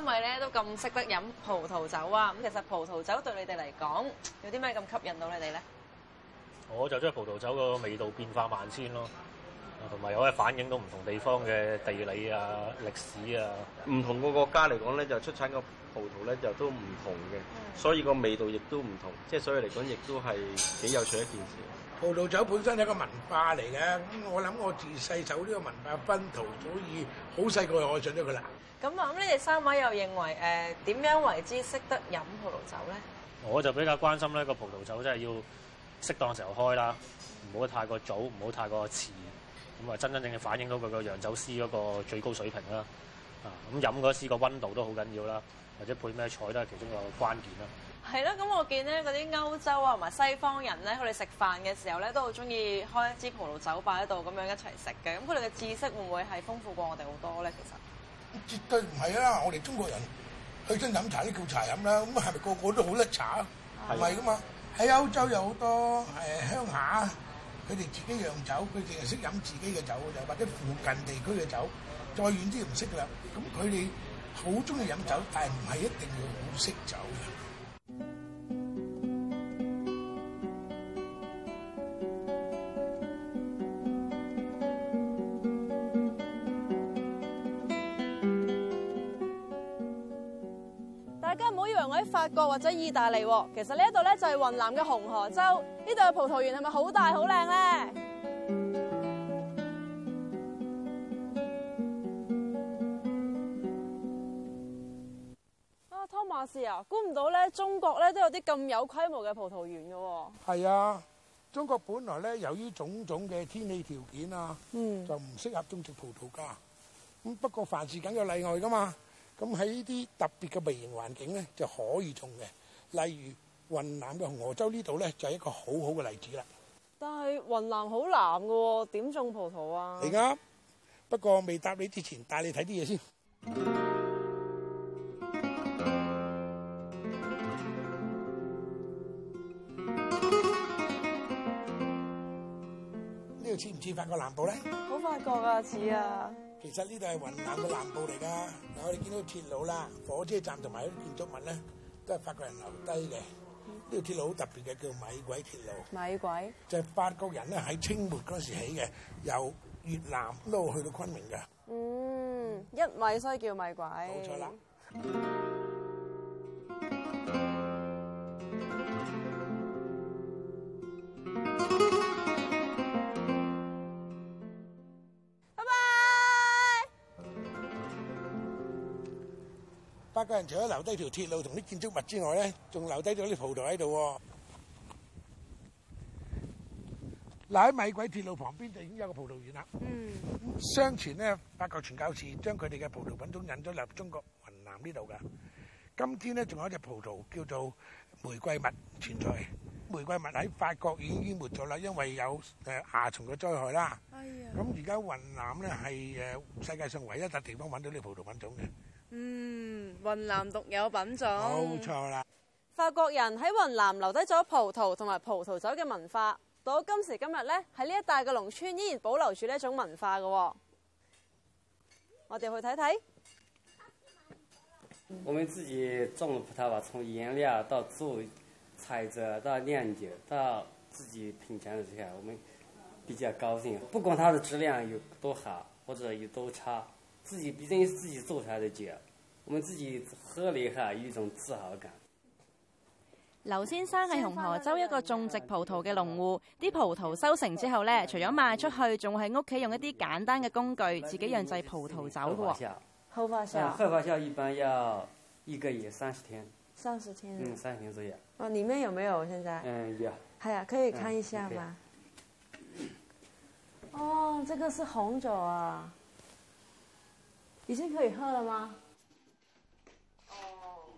因為咧都咁識得飲葡萄酒啊，咁其實葡萄酒對你哋嚟講有啲咩咁吸引到你哋咧？我就鍾意葡萄酒個味道變化萬千咯，同埋可以反映到唔同地方嘅地理啊、歷史啊。唔同個國家嚟講咧，就出產個葡萄咧就都唔同嘅，所以個味道亦都唔同。即係所以嚟講，亦都係幾有趣的一件事。葡萄酒本身係一個文化嚟嘅，咁我諗我自細走呢個文化奔頭，早以好細個就愛上咗佢啦。咁啊！咁你哋三位又認為誒點、呃、樣為之識得飲葡萄酒咧？我就比較關心咧，個葡萄酒真係要適當時候開啦，唔好太過早，唔好太過遲。咁啊，真真正正反映到佢個釀酒師嗰個最高水平啦。啊，咁飲嗰時個温度都好緊要啦，或者配咩菜都係其中一個關鍵啦。係啦，咁我見咧嗰啲歐洲啊，同埋西方人咧，佢哋食飯嘅時候咧都好中意開一支葡萄酒擺喺度，咁樣一齊食嘅。咁佢哋嘅知識會唔會係豐富過我哋好多咧？其實？絕對唔係啊，我哋中國人去親飲茶都叫茶飲啦，咁係咪個個都好叻茶啊？唔係噶嘛，喺歐洲有好多誒、呃、鄉下，佢哋自己釀酒，佢哋淨係識飲自己嘅酒就，或者附近地區嘅酒，再遠啲就唔識啦。咁佢哋好中意飲酒，但係唔係一定要好識酒嘅。法國或者意大利，其實呢一度咧，就係雲南嘅紅河州，呢度嘅葡萄園係咪好大好靚咧？啊，湯馬士啊，估唔到咧，中國咧都有啲咁有規模嘅葡萄園㗎喎。係啊，中國本來咧由於種種嘅天氣條件啊，嗯、就唔適合種植葡萄噶。咁不過凡事梗有例外噶嘛。咁喺呢啲特別嘅微型環境咧，就可以種嘅。例如雲南嘅紅河州呢度咧，就係、是、一個好好嘅例子啦。但係雲南好南㗎喎，點種葡萄啊？嚟啱、嗯啊。不過未答你之前，帶你睇啲嘢先。呢度似唔似法國南部咧？好法國啊，似啊！其實呢度係雲南嘅南部嚟噶，嗱，我哋見到鐵路啦、火車站同埋建築物咧，都係法國人留低嘅。呢條鐵路好特別嘅，叫米軌鐵路。米軌？就係法國人咧喺清末嗰時起嘅，由越南都去到昆明嘅。嗯，一米所以叫米軌。冇錯啦。嗯。法國人除咗留低條鐵路同啲建築物之外咧，仲留低咗啲葡萄喺度。嗱，喺米鬼鐵路旁邊就已經有個葡萄園啦。嗯。相傳咧，法國傳教士將佢哋嘅葡萄品種引咗入中國雲南呢度噶。今天咧仲有一隻葡萄叫做玫瑰蜜存在。玫瑰蜜喺法國已經沒咗啦，因為有誒蚜蟲嘅災害啦。哎呀。咁而家雲南咧係誒世界上唯一笪地方揾到呢啲葡萄品種嘅。嗯，雲南獨有品種，冇錯啦。法國人喺雲南留低咗葡萄同埋葡萄酒嘅文化，到今時今日呢，喺呢一帶嘅農村依然保留住呢一種文化嘅。哦。我哋去睇睇。我們自己種嘅葡萄啊，從原料到做，採摘到釀酒，到自己品嘗嘅時候，我們比較高興。不管它的質量有多好或者有多差。自己畢竟自己做出來的酒，我們自己喝了一下，有一種自豪感。劉先生係紅河州一個種植葡萄嘅農戶，啲、嗯、葡萄收成之後呢，除咗賣出去，仲會喺屋企用一啲簡單嘅工具、嗯、自己釀製葡萄酒嘅。發酵發酵一般要一個月三十天，三十天、啊、嗯，三十天左右。哦，裏面有沒有現在？嗯，有。係啊，可以看一下嗎？嗯、哦，這個是紅酒啊。已經可以喝了嗎？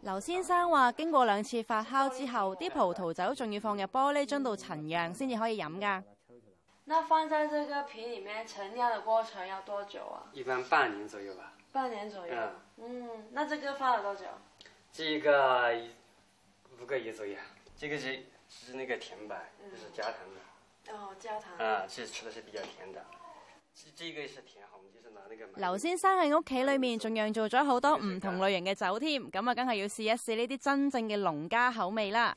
劉、哦、先生話，經過兩次發酵之後，啲、嗯、葡萄酒仲要放入玻璃樽度、嗯、陳釀，先至可以飲㗎。那放在這個瓶裏面陳釀的過程要多久啊？一般半年左右吧。半年左右。嗯，嗯，那這個放了多久？這個五個月左右，這個是、就是那個甜白就是加糖的。嗯、哦，加糖。啊，就是吃的是比較甜的。劉先生喺屋企裏面仲釀造咗好多唔同類型嘅酒添，咁啊，梗係要試一試呢啲真正嘅農家口味啦。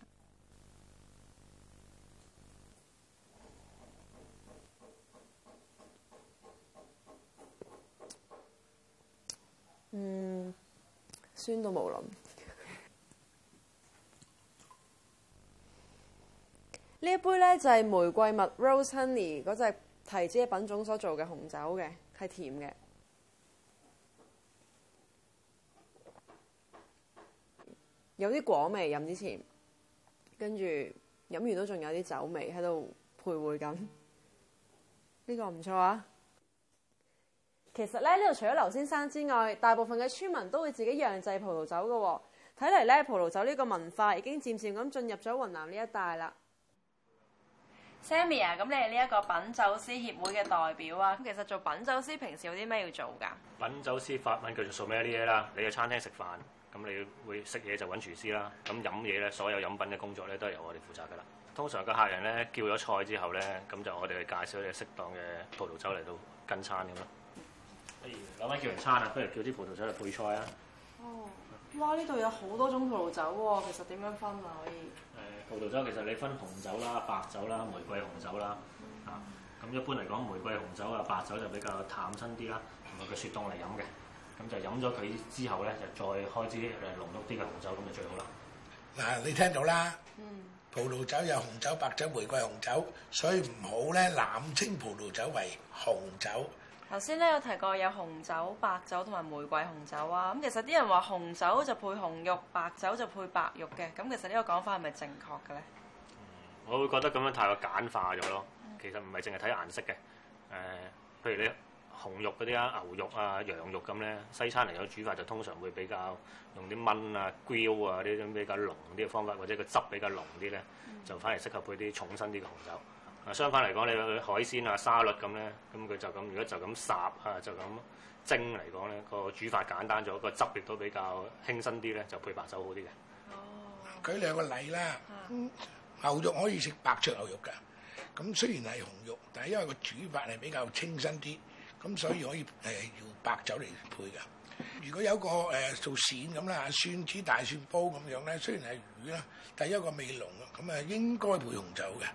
嗯，酸到冇諗。呢 一杯呢就係、是、玫瑰蜜 （rose honey） 嗰隻。提子嘅品種所做嘅紅酒嘅，係甜嘅，有啲果味飲之前，跟住飲完都仲有啲酒味喺度徘徊緊。呢個唔錯啊！其實咧，呢度除咗劉先生之外，大部分嘅村民都會自己釀製葡萄酒嘅喎。睇嚟咧，葡萄酒呢個文化已經漸漸咁進入咗雲南呢一帶啦。Sammy 啊，咁你係呢一個品酒師協會嘅代表啊。咁其實做品酒師平時有啲咩要做噶？品酒師法文叫做做咩啲嘢啦？你去餐廳食飯，咁你會食嘢就揾廚師啦。咁飲嘢咧，所有飲品嘅工作咧都係由我哋負責噶啦。通常個客人咧叫咗菜之後咧，咁就我哋去介紹一隻適當嘅葡萄酒嚟到跟餐咁咯。不如兩位叫完餐啊，不如叫啲葡萄酒嚟配菜啊。哦、嗯。哇！呢度有好多種葡萄酒喎，其實點樣分啊？可以？誒，葡萄酒其實你分紅酒啦、白酒啦、玫瑰紅酒啦，啊、嗯，咁一般嚟講，玫瑰紅酒啊、白酒就比較淡清啲啦，同埋佢雪凍嚟飲嘅，咁就飲咗佢之後咧，就再開支誒濃郁啲嘅紅酒咁就最好啦。嗱，你聽到啦？嗯。葡萄酒有紅酒、白酒、玫瑰紅酒，所以唔好咧濫稱葡萄酒為紅酒。頭先咧有提過有紅酒、白酒同埋玫瑰紅酒啊，咁其實啲人話紅酒就配紅肉，白酒就配白肉嘅，咁其實這個是是呢個講法係咪正確嘅咧？我會覺得咁樣太過簡化咗咯，其實唔係淨係睇顏色嘅。誒、呃，譬如你紅肉嗰啲啊、牛肉啊、羊肉咁咧，西餐嚟講煮法就通常會比較用啲燜啊、g 啊呢種比較濃啲嘅方法，或者個汁比較濃啲咧，嗯、就反而適合配啲重身啲嘅紅酒。啊，相反嚟講，你海鮮啊、沙律咁咧，咁佢就咁，如果就咁烚啊，就咁蒸嚟講咧，個煮法簡單咗，個汁液都比較清新啲咧，就配白酒好啲嘅。哦，舉兩個例啦，的牛肉可以食白灼牛肉㗎，咁雖然係紅肉，但係因為個煮法係比較清新啲，咁所以可以誒用白酒嚟配㗎。如果有個誒做鱔咁啦，蒜子大蒜煲咁樣咧，雖然係魚啦，但係一個味濃，咁啊應該配紅酒嘅。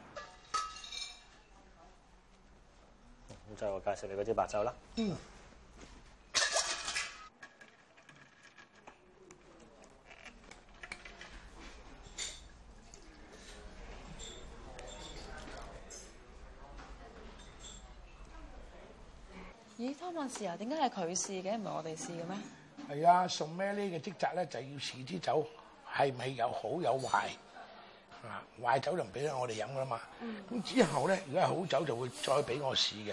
咁就我介紹你嗰支白酒啦。嗯。咦、嗯？湯馬士啊？點解係佢試嘅？唔係我哋試嘅咩？係啊，送咩呢個職責咧，就要試啲酒，係咪有好有壞啊？壞酒就唔俾我哋飲啦嘛。咁、嗯、之後咧，如果係好酒，就會再俾我試嘅。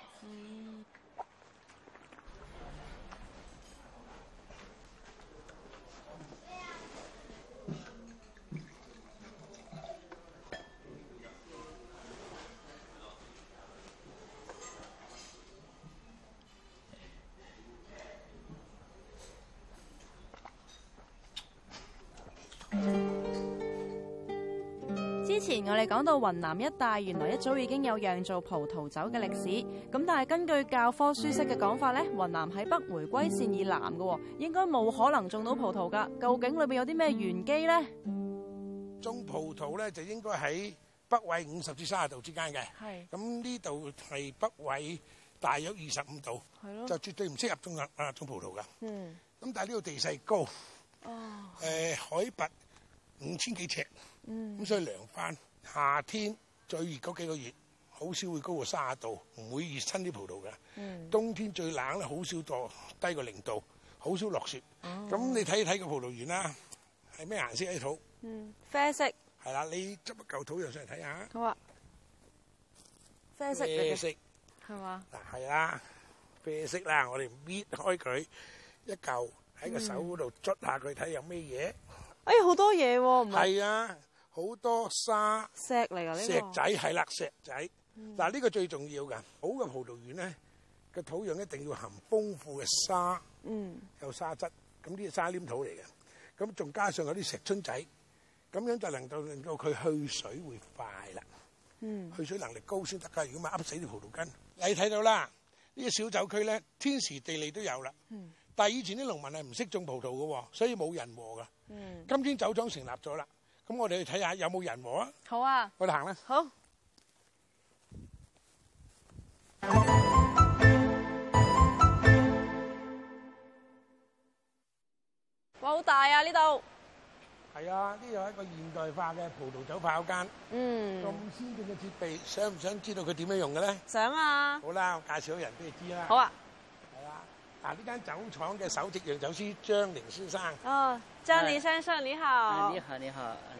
我哋講到雲南一帶，原來一早已經有釀造葡萄酒嘅歷史。咁但係根據教科書式嘅講法咧，雲南喺北回歸線以南嘅，應該冇可能種到葡萄噶。究竟裏邊有啲咩玄機呢？種葡萄咧就應該喺北緯五十至三十度之間嘅。係是。咁呢度係北緯大約二十五度，的就絕對唔適合種啊種葡萄噶。嗯。咁但係呢個地勢高，誒、哦呃、海拔五千幾尺，咁、嗯、所以涼翻。夏天最熱嗰幾個月，好少會高過三十度，唔會熱親啲葡萄嘅。冬天最冷咧，好少到低過零度，好少落雪。咁你睇睇個葡萄園啦，係咩顏色啲土？嗯，啡色。係啦，你執一嚿土又上嚟睇下。好啊。啡色。啡色。係嘛？嗱，係啦，啡色啦。我哋搣開佢一嚿喺個手嗰度捽下佢，睇有咩嘢。哎，好多嘢喎，唔係？係啊。好多沙石嚟噶，呢個石仔係啦，石仔。嗱，呢個最重要噶，好嘅葡萄園咧，個土壤一定要含豐富嘅沙，有沙質咁啲沙黏土嚟嘅，咁仲加上有啲石春仔，咁樣就能夠令到佢去水會快啦。去水能力高先得噶，如果唔係噏死啲葡萄根。你睇到啦，呢個小酒區咧，天時地利都有啦。但係以前啲農民係唔識種葡萄噶，所以冇人和噶。今天酒莊成立咗啦。咁我哋去睇下有冇人和啊！好啊，我哋行啦。好。哇，好大啊呢度！係啊，呢度係一個現代化嘅葡萄酒泡間。嗯。咁先進嘅設備，想唔想知道佢點樣用嘅咧？想啊。好啦，我介紹咗人俾你知啦。好啊。係啊，嗱呢間酒廠嘅首席釀酒師張寧先生。哦，張寧先生你好。你好，你好。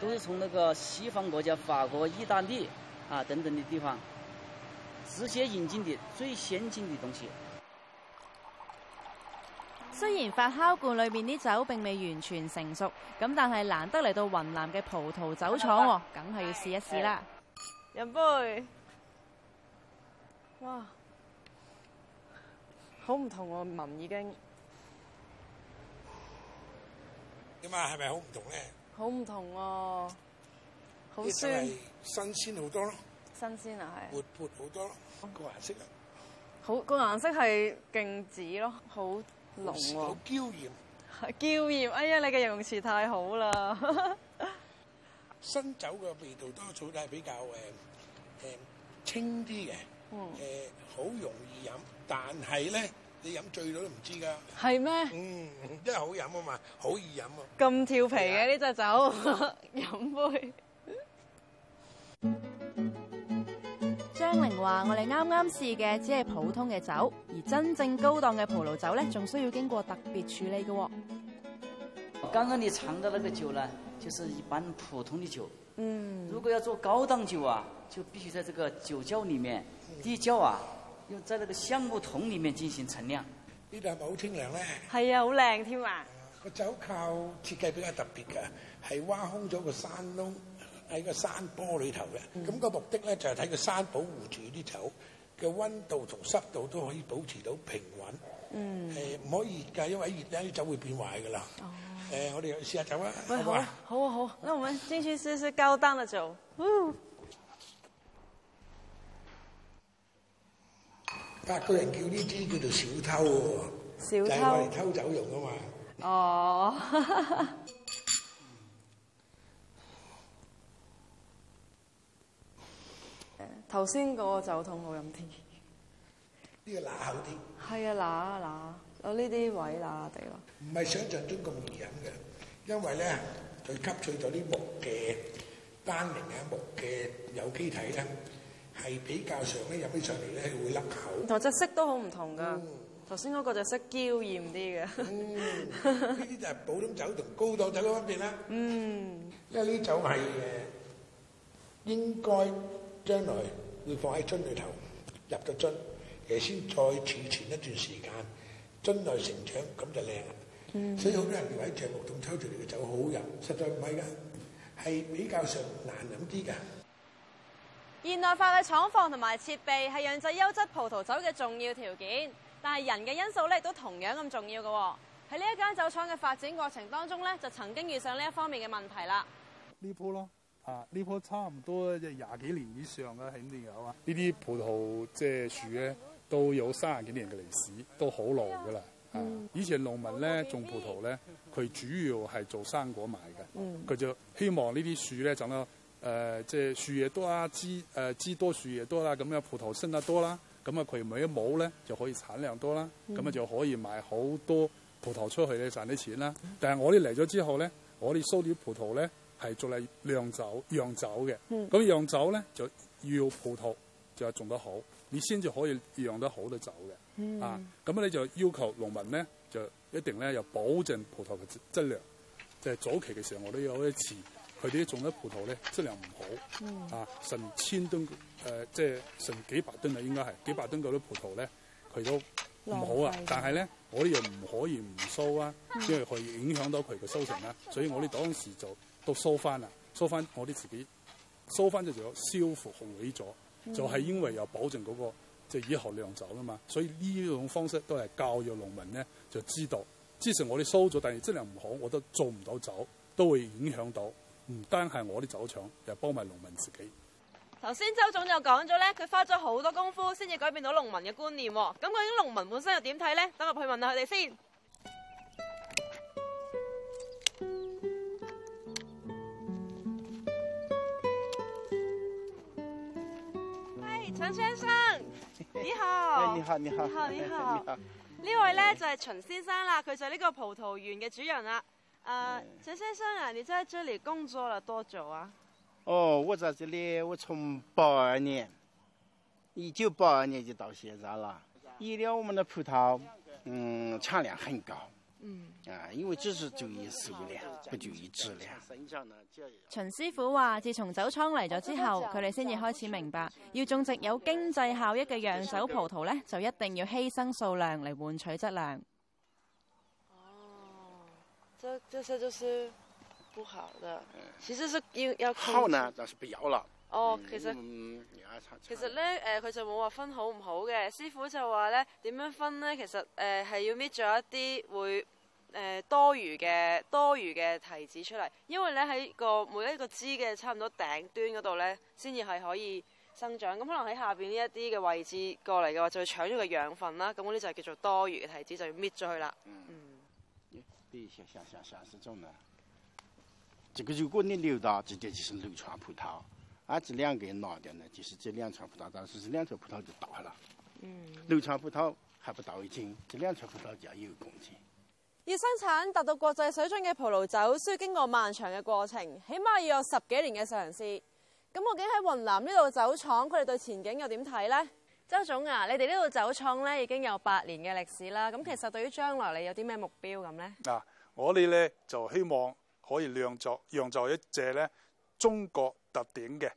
都是從那個西方國家法國、意大利啊等等的地方直接引進的最先進的東西。雖然發酵罐裏面啲酒並未完全成熟，咁但係難得嚟到雲南嘅葡萄酒廠，梗係 要試一試啦。飲、哎哎、杯，哇，好唔同我、啊、聞已經。你啊，係咪好唔同呢？好唔同喎，好鮮，新鮮好多咯，新鮮啊係，活潑好多咯，個顏色啊，啊撥撥好、這個顏色係勁紫咯，濃啊、好濃喎，好嬌豔，嬌豔，哎呀你嘅形容詞太好啦， 新酒嘅味道多數都係比較誒誒、呃呃、清啲嘅，誒好、哦呃、容易飲，但係咧。你飲醉咗都唔知噶，係咩嗎？嗯，因為好飲啊嘛，好易飲啊。咁調皮嘅呢隻酒，飲 杯。張玲話：我哋啱啱試嘅只係普通嘅酒，而真正高檔嘅葡萄酒咧，仲需要經過特別處理嘅。剛剛你嘗到那個酒咧，就是一般普通的酒。嗯。如果要做高檔酒啊，就必須在這個酒窖裡面，的地窖啊。要在那個橡木桶裏面進行陳釀，呢度係咪好清涼咧？係啊，好靚添啊！個酒窖設計比較特別噶，係挖空咗個山窿喺個山坡裏頭嘅，咁、嗯、個目的咧就係、是、睇個山保護住啲酒嘅溫度同濕度都可以保持到平穩。嗯，誒唔、呃、可以熱噶，因為一熱咧啲酒會變壞噶啦。誒、哦呃、我哋試下酒啊，喂啊，好啊，好啊好啊，咁 我們先去試試高檔嘅酒。法國人叫呢啲叫做小偷喎，小偷係偷走用啊嘛。哦，頭先嗰個酒桶冇飲啲，呢個辣口啲。係啊，辣辣，我呢啲位辣地咯。唔係想像中咁易飲嘅，因為咧佢吸取咗啲木嘅單寧啊，木嘅有機體咧。係比較上咧入起上嚟咧會甩口，同隻色都好唔同㗎。頭先嗰個隻色嬌豔啲嘅。呢啲就係普通酒同高檔酒嘅分別啦。嗯。因為呢啲酒係應該將來會放喺樽裏頭，入咗樽，其實先再儲存一段時間，樽內成長咁就靚啦。嗯。所以好多人話喺橡木桶抽出嚟嘅酒好飲，實在唔係㗎，係比較上難飲啲㗎。現代化嘅廠房同埋設備係釀製優質葡萄酒嘅重要條件，但係人嘅因素咧都同樣咁重要嘅、哦。喺呢一間酒廠嘅發展過程當中咧，就曾經遇上呢一方面嘅問題啦。呢棵咯，啊呢棵差唔多即係廿幾年以上嘅，肯定有啊。呢啲葡萄即係樹咧，都有三十幾年嘅歷史，都好耐噶啦。嗯、以前農民咧老種葡萄咧，佢主要係做生果賣嘅，佢就希望這些呢啲樹咧就咧。誒即係樹葉多啦、啊，枝誒、呃、枝多樹葉多啦、啊，咁樣葡萄生得多啦、啊，咁啊佢每一畝咧就可以產量多啦、啊，咁啊、嗯、就可以賣好多葡萄出去咧賺啲錢啦、啊。但係我哋嚟咗之後咧，我哋收啲葡萄咧係做嚟釀酒、釀酒嘅。咁釀、嗯、酒咧就要葡萄就種得好，你先至可以釀得好啲酒嘅。嗯、啊，咁你就要求農民咧就一定咧又保證葡萄嘅質量。即、就、係、是、早期嘅時候，我都有一次。佢哋種得葡萄咧，質量唔好，嗯啊呃、好啊，成千噸誒，即係成幾百噸啊，應該係幾百噸嗰啲葡萄咧，佢都唔好啊。但係咧，我哋又唔可以唔收啊，因為佢影響到佢嘅收成啊。所以我哋當時就都收翻啦，收翻我哋自己收翻就有消紅了、嗯、就消復控起咗，就係因為有保證嗰、嗰個即係以後釀酒啊嘛。所以呢種方式都係教育農民咧，就知道之前我哋收咗，但係質量唔好，我都做唔到酒，都會影響到。唔單係我啲酒廠，又幫埋農民自己。頭先周總就講咗咧，佢花咗好多功夫先至改變到農民嘅觀念。咁究竟農民本身又點睇咧？等我去問下佢哋先。嗨，陳先生，你好。你好，你好。你好，你好。你好，你好，位，呢位咧好就係秦先生啦，佢就係呢個葡萄園嘅主人啦。呃，陳先生啊，你在這裏工作了多久啊？哦，我在這裏，我從八二年，一九八二年就到現在啦。依家我們的葡萄，嗯，產量很高。嗯。啊，因為只是注意數量，不注意質量。嗯，陳師傅話：自從酒廠嚟咗之後，佢哋先至開始明白，要種植有經濟效益嘅釀酒葡萄呢，就一定要犧牲數量嚟換取質量。這這些就是不好的，其實是要靠呢，但是不要啦。哦，其實，嗯、其實咧，誒、呃，佢就冇話分好唔好嘅。師傅就話咧，點樣分呢？其實誒係、呃、要搣咗一啲會誒、呃、多餘嘅多餘嘅提子出嚟，因為咧，喺個每一個枝嘅差唔多頂端嗰度咧，先至係可以生長。咁可能喺下邊呢一啲嘅位置過嚟嘅話，就搶咗個養分啦。咁嗰啲就係叫做多餘嘅提子，就要搣咗佢啦。嗯。嗯而這個如果你留到直接就是六串葡萄，啊，這兩個人拿掉呢，就是這兩串葡萄，但是這兩串葡萄就大啦。嗯，六串葡萄還不到一斤，這兩串葡萄就要有一公斤。要生產達到國際水準嘅葡萄酒，需要經過漫長嘅過程，起碼要有十幾年嘅嘗試。咁究竟喺雲南呢度酒廠，佢哋對前景又點睇呢？周總啊，你哋呢度酒廠咧已經有八年嘅歷史啦，咁其實對於將來你有啲咩目標咁咧？啊，我哋咧就希望可以釀作釀造一隻咧中國特點嘅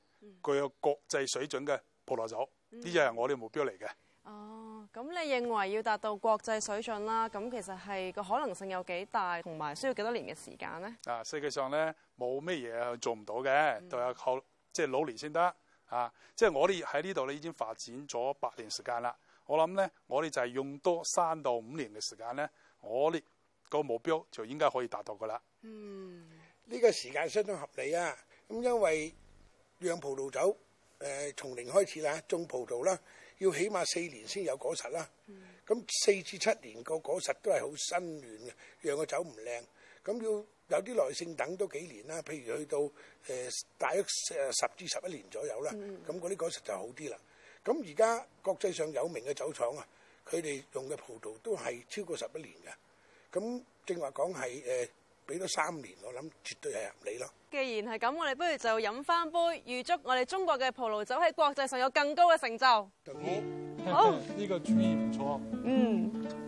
具有國際水準嘅葡萄酒，呢隻係我哋目標嚟嘅。哦，咁你認為要達到國際水準啦，咁其實係個可能性有幾大，同埋需要幾多年嘅時間咧？啊，世界上咧冇咩嘢做唔到嘅，嗯、都係靠即係努力先得。啊！即係我哋喺呢度咧已經發展咗八年時間啦。我諗咧，我哋就係用多三到五年嘅時間咧，我哋個目標就應該可以達到噶啦。嗯，呢、這個時間相當合理啊。咁、嗯、因為釀葡萄酒，誒、呃、從零開始啊，種葡萄啦，要起碼四年先有果實啦。咁四至七年個果實都係好新嫩嘅，釀個酒唔靚。咁、嗯、要。有啲耐性等多幾年啦，譬如去到誒、呃、大約十至十一年左右啦，咁嗰啲果實就好啲啦。咁而家國際上有名嘅酒廠啊，佢哋用嘅葡萄都係超過十一年嘅。咁正話講係誒，俾、呃、多三年，我諗絕對係合理咯。既然係咁，我哋不如就飲翻杯，預祝我哋中國嘅葡萄酒喺國際上有更高嘅成就。好，呢個主意唔錯。嗯。嗯嗯嗯。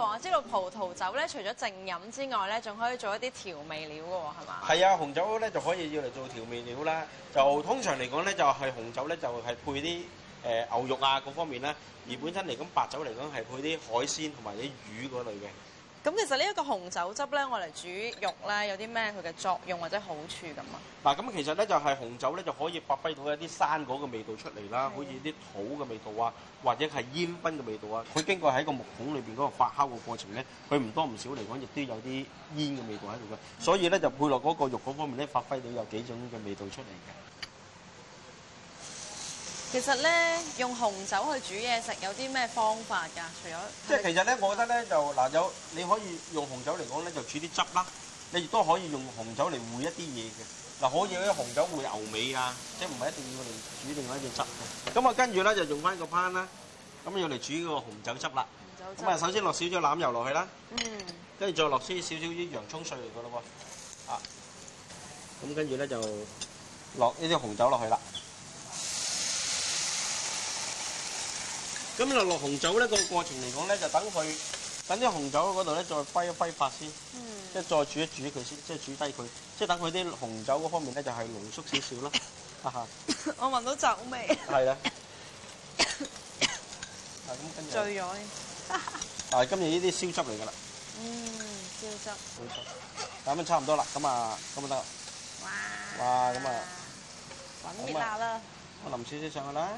哦、我知道葡萄酒咧，除咗淨飲之外咧，仲可以做一啲調味料嘅喎，係嘛？係啊，紅酒咧就可以用嚟做調味料啦。就通常嚟講咧，就係紅酒咧就係配啲誒、呃、牛肉啊嗰方面啦。而本身嚟講白酒嚟講係配啲海鮮同埋啲魚嗰類嘅。咁其實呢一個紅酒汁咧，我嚟煮肉咧，有啲咩佢嘅作用或者好處咁啊？嗱，咁其實咧就係、是、紅酒咧就可以發揮到一啲生果嘅味道出嚟啦，的好似啲土嘅味道啊，或者係煙燻嘅味道啊。佢經過喺個木桶裏邊嗰個發酵嘅過程咧，佢唔多唔少嚟講亦都有啲煙嘅味道喺度嘅，所以咧就配落嗰個肉嗰方面咧，發揮到有幾種嘅味道出嚟嘅。其實咧，用紅酒去煮嘢食有啲咩方法噶？除咗即係其實咧，我覺得咧就嗱有，你可以用紅酒嚟講咧就煮啲汁啦。你亦都可以用紅酒嚟燴一啲嘢嘅嗱，嗯、可以啲紅酒燴牛尾啊，即係唔係一定要我哋煮另外一啲汁咁啊，跟住咧就用翻個 pan 啦，咁要嚟煮個紅酒汁啦。咁啊，首先落少少欖油落去啦。嗯。跟住再落少少少啲洋蔥碎嚟噶咯喎。啊。咁跟住咧就落呢啲紅酒落去啦。咁落落紅酒咧，個過程嚟講咧，就等佢等啲紅酒嗰度咧，再揮一揮發先，即係再煮一煮佢先，即係煮低佢，即係等佢啲紅酒嗰方面咧，就係濃縮少少咯。哈哈，我聞到酒味。係啦。係咁，跟住醉咗。係今日呢啲燒汁嚟噶啦。嗯，燒汁。燒汁。咁啊，差唔多啦，咁啊，咁就得啦。哇！哇！咁啊，揾麵啦。我淋少少上去啦。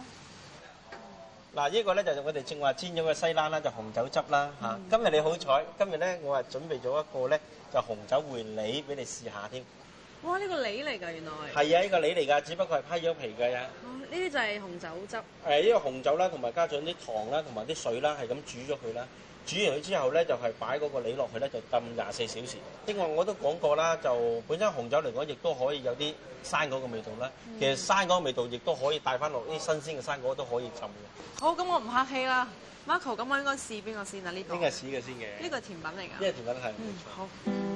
嗱，這個呢個咧就係、是、我哋正話煎咗個西冷啦，就是、紅酒汁啦、嗯、今日你好彩，今日咧我係準備咗一個咧就是、紅酒燴梨俾你試下添。哇！呢、這個梨嚟㗎原來。係啊，呢、這個梨嚟㗎，只不過係批咗皮嘅。哦，呢啲就係紅酒汁。誒，呢個紅酒啦，同埋加上啲糖啦，同埋啲水啦，係咁煮咗佢啦。煮完佢之後咧，就係擺嗰個梨落去咧，就浸廿四小時。另外我都講過啦，就本身紅酒嚟講，亦都可以有啲生果嘅味道啦。嗯、其實生果嘅味道亦都可以帶翻落啲新鮮嘅生果都可以浸嘅。好，咁我唔客氣啦，Marco，咁我應該試邊個先啊？呢個應該係試嘅先嘅，呢個甜品嚟㗎。呢個甜品係冇錯，嗯，好。